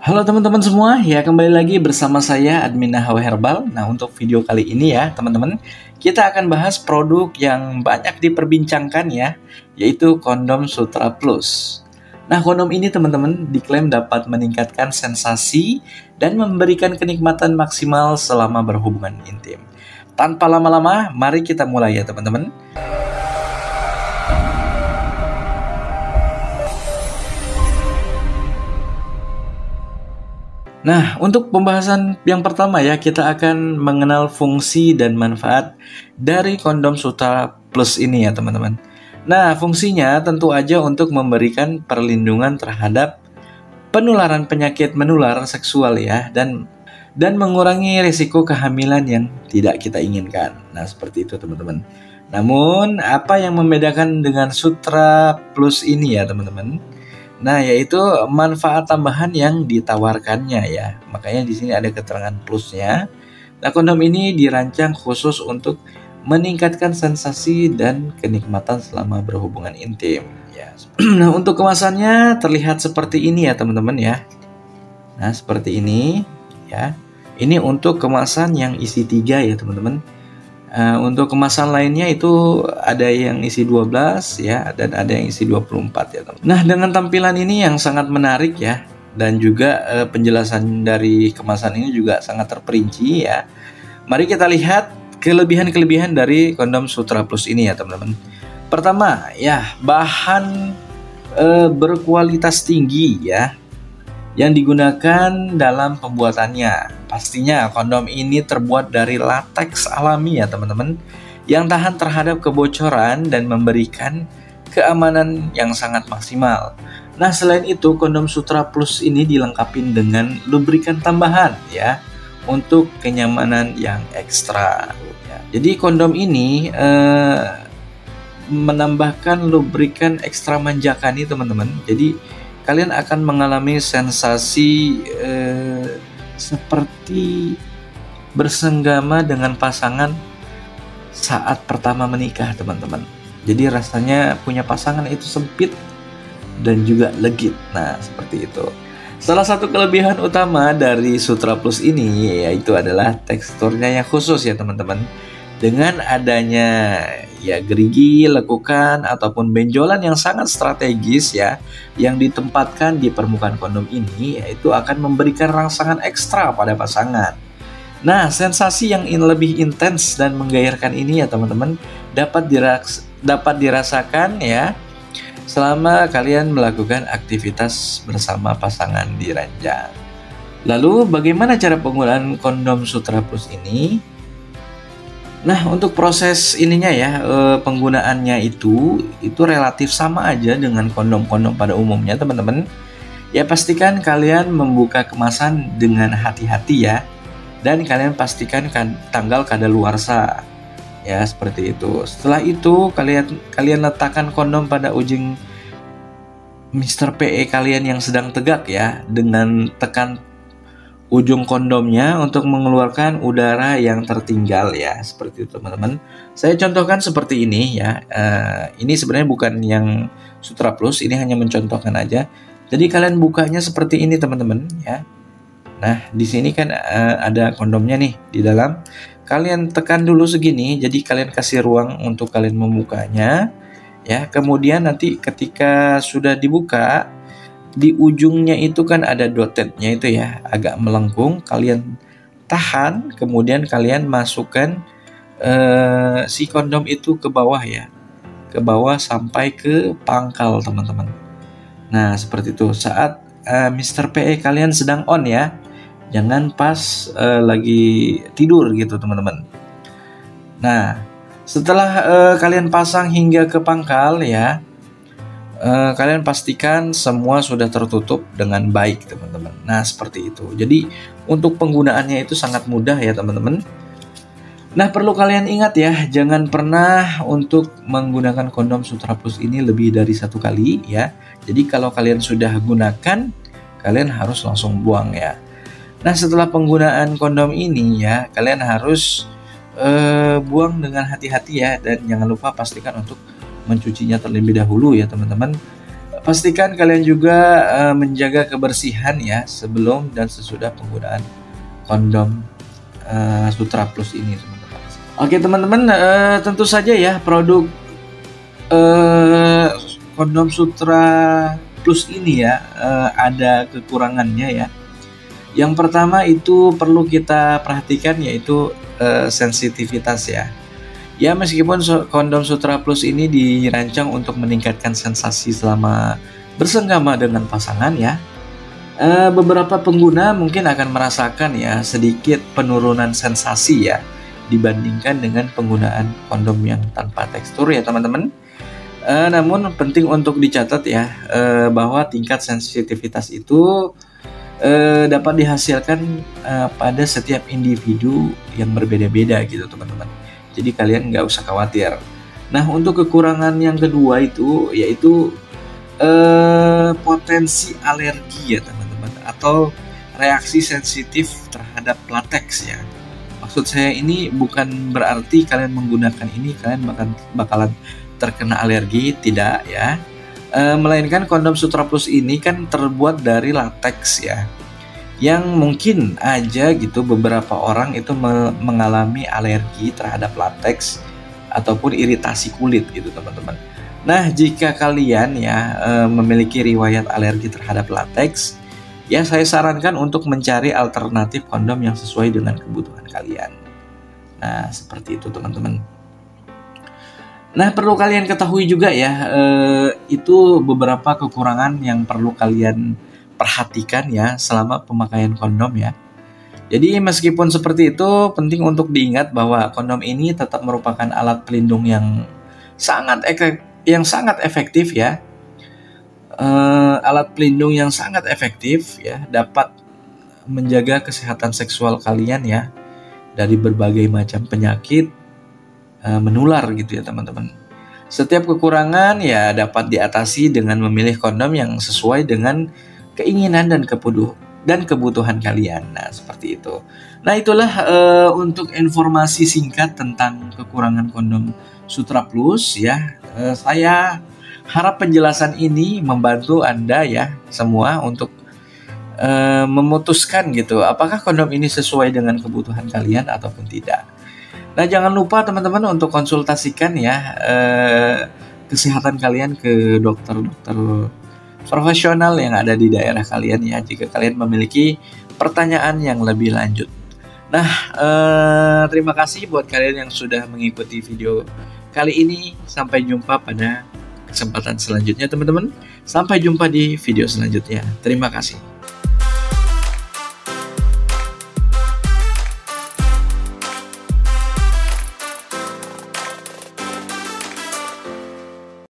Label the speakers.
Speaker 1: Halo teman-teman semua, ya kembali lagi bersama saya admin HW Herbal. Nah untuk video kali ini ya teman-teman, kita akan bahas produk yang banyak diperbincangkan ya, yaitu kondom Sutra Plus. Nah kondom ini teman-teman diklaim dapat meningkatkan sensasi dan memberikan kenikmatan maksimal selama berhubungan intim. Tanpa lama-lama, mari kita mulai ya teman-teman. Nah, untuk pembahasan yang pertama ya, kita akan mengenal fungsi dan manfaat dari kondom Sutra Plus ini ya, teman-teman. Nah, fungsinya tentu aja untuk memberikan perlindungan terhadap penularan penyakit menular seksual ya dan dan mengurangi risiko kehamilan yang tidak kita inginkan. Nah, seperti itu teman-teman. Namun, apa yang membedakan dengan Sutra Plus ini ya, teman-teman? Nah, yaitu manfaat tambahan yang ditawarkannya ya. Makanya di sini ada keterangan plusnya. Nah, kondom ini dirancang khusus untuk meningkatkan sensasi dan kenikmatan selama berhubungan intim. Ya. nah, untuk kemasannya terlihat seperti ini ya, teman-teman ya. Nah, seperti ini ya. Ini untuk kemasan yang isi tiga ya, teman-teman. Eh, untuk kemasan lainnya itu ada yang isi 12 ya dan ada yang isi 24 ya teman. Nah, dengan tampilan ini yang sangat menarik ya dan juga uh, penjelasan dari kemasan ini juga sangat terperinci ya. Mari kita lihat kelebihan-kelebihan dari kondom Sutra Plus ini ya teman-teman. Pertama, ya bahan uh, berkualitas tinggi ya yang digunakan dalam pembuatannya. Pastinya kondom ini terbuat dari latex alami ya teman-teman yang tahan terhadap kebocoran dan memberikan keamanan yang sangat maksimal. Nah, selain itu kondom Sutra Plus ini dilengkapi dengan lubrikan tambahan ya untuk kenyamanan yang ekstra. Jadi kondom ini eh, menambahkan lubrikan ekstra manjakan nih teman-teman. Jadi kalian akan mengalami sensasi eh, seperti bersenggama dengan pasangan saat pertama menikah, teman-teman. Jadi rasanya punya pasangan itu sempit dan juga legit. Nah, seperti itu. Salah satu kelebihan utama dari Sutra Plus ini yaitu adalah teksturnya yang khusus ya, teman-teman dengan adanya ya gerigi, lekukan ataupun benjolan yang sangat strategis ya yang ditempatkan di permukaan kondom ini yaitu akan memberikan rangsangan ekstra pada pasangan. Nah, sensasi yang in lebih intens dan menggairahkan ini ya teman-teman dapat diras dapat dirasakan ya selama kalian melakukan aktivitas bersama pasangan di ranjang. Lalu bagaimana cara penggunaan kondom Sutra Plus ini? Nah, untuk proses ininya ya, eh, penggunaannya itu itu relatif sama aja dengan kondom-kondom pada umumnya, teman-teman. Ya pastikan kalian membuka kemasan dengan hati-hati ya. Dan kalian pastikan kan tanggal kadaluarsa. Ya, seperti itu. Setelah itu, kalian kalian letakkan kondom pada ujung Mr. PE kalian yang sedang tegak ya dengan tekan ujung kondomnya untuk mengeluarkan udara yang tertinggal ya seperti itu teman-teman saya contohkan seperti ini ya uh, ini sebenarnya bukan yang sutra plus ini hanya mencontohkan aja jadi kalian bukanya seperti ini teman-teman ya nah di sini kan uh, ada kondomnya nih di dalam kalian tekan dulu segini jadi kalian kasih ruang untuk kalian membukanya ya kemudian nanti ketika sudah dibuka di ujungnya itu kan ada dotetnya itu ya agak melengkung kalian tahan kemudian kalian masukkan eh, si kondom itu ke bawah ya ke bawah sampai ke pangkal teman-teman nah seperti itu saat eh, Mr. PE kalian sedang on ya jangan pas eh, lagi tidur gitu teman-teman nah setelah eh, kalian pasang hingga ke pangkal ya Eh, kalian pastikan semua sudah tertutup dengan baik teman-teman nah seperti itu jadi untuk penggunaannya itu sangat mudah ya teman-teman Nah perlu kalian ingat ya, jangan pernah untuk menggunakan kondom Sutra Plus ini lebih dari satu kali ya. Jadi kalau kalian sudah gunakan, kalian harus langsung buang ya. Nah setelah penggunaan kondom ini ya, kalian harus uh, buang dengan hati-hati ya dan jangan lupa pastikan untuk mencucinya terlebih dahulu ya teman-teman. Pastikan kalian juga uh, menjaga kebersihan ya sebelum dan sesudah penggunaan kondom uh, Sutra Plus ini teman-teman. Oke teman-teman, uh, tentu saja ya produk uh, kondom Sutra Plus ini ya uh, ada kekurangannya ya. Yang pertama itu perlu kita perhatikan yaitu uh, sensitivitas ya Ya meskipun kondom Sutra Plus ini dirancang untuk meningkatkan sensasi selama bersenggama dengan pasangan ya. Eh, beberapa pengguna mungkin akan merasakan ya sedikit penurunan sensasi ya dibandingkan dengan penggunaan kondom yang tanpa tekstur ya teman-teman. E, namun penting untuk dicatat ya e, bahwa tingkat sensitivitas itu e, dapat dihasilkan e, pada setiap individu yang berbeda-beda gitu teman-teman jadi kalian nggak usah khawatir. Nah untuk kekurangan yang kedua itu yaitu eh, potensi alergi ya teman-teman atau reaksi sensitif terhadap latex ya. Maksud saya ini bukan berarti kalian menggunakan ini kalian bakal bakalan terkena alergi tidak ya. E, melainkan kondom Sutra Plus ini kan terbuat dari latex ya yang mungkin aja gitu beberapa orang itu me mengalami alergi terhadap latex ataupun iritasi kulit gitu teman-teman. Nah jika kalian ya e, memiliki riwayat alergi terhadap latex, ya saya sarankan untuk mencari alternatif kondom yang sesuai dengan kebutuhan kalian. Nah seperti itu teman-teman. Nah perlu kalian ketahui juga ya e, itu beberapa kekurangan yang perlu kalian perhatikan ya selama pemakaian kondom ya. Jadi meskipun seperti itu, penting untuk diingat bahwa kondom ini tetap merupakan alat pelindung yang sangat yang sangat efektif ya. Uh, alat pelindung yang sangat efektif ya dapat menjaga kesehatan seksual kalian ya dari berbagai macam penyakit uh, menular gitu ya teman-teman. Setiap kekurangan ya dapat diatasi dengan memilih kondom yang sesuai dengan keinginan dan kebutuh dan kebutuhan kalian. Nah, seperti itu. Nah, itulah uh, untuk informasi singkat tentang kekurangan kondom Sutra Plus ya. Uh, saya harap penjelasan ini membantu Anda ya semua untuk uh, memutuskan gitu apakah kondom ini sesuai dengan kebutuhan kalian ataupun tidak. Nah, jangan lupa teman-teman untuk konsultasikan ya kesehatan kalian ke dokter-dokter profesional yang ada di daerah kalian ya jika kalian memiliki pertanyaan yang lebih lanjut. Nah, eh, terima kasih buat kalian yang sudah mengikuti video kali ini. Sampai jumpa pada kesempatan selanjutnya, teman-teman. Sampai jumpa di video selanjutnya. Terima kasih.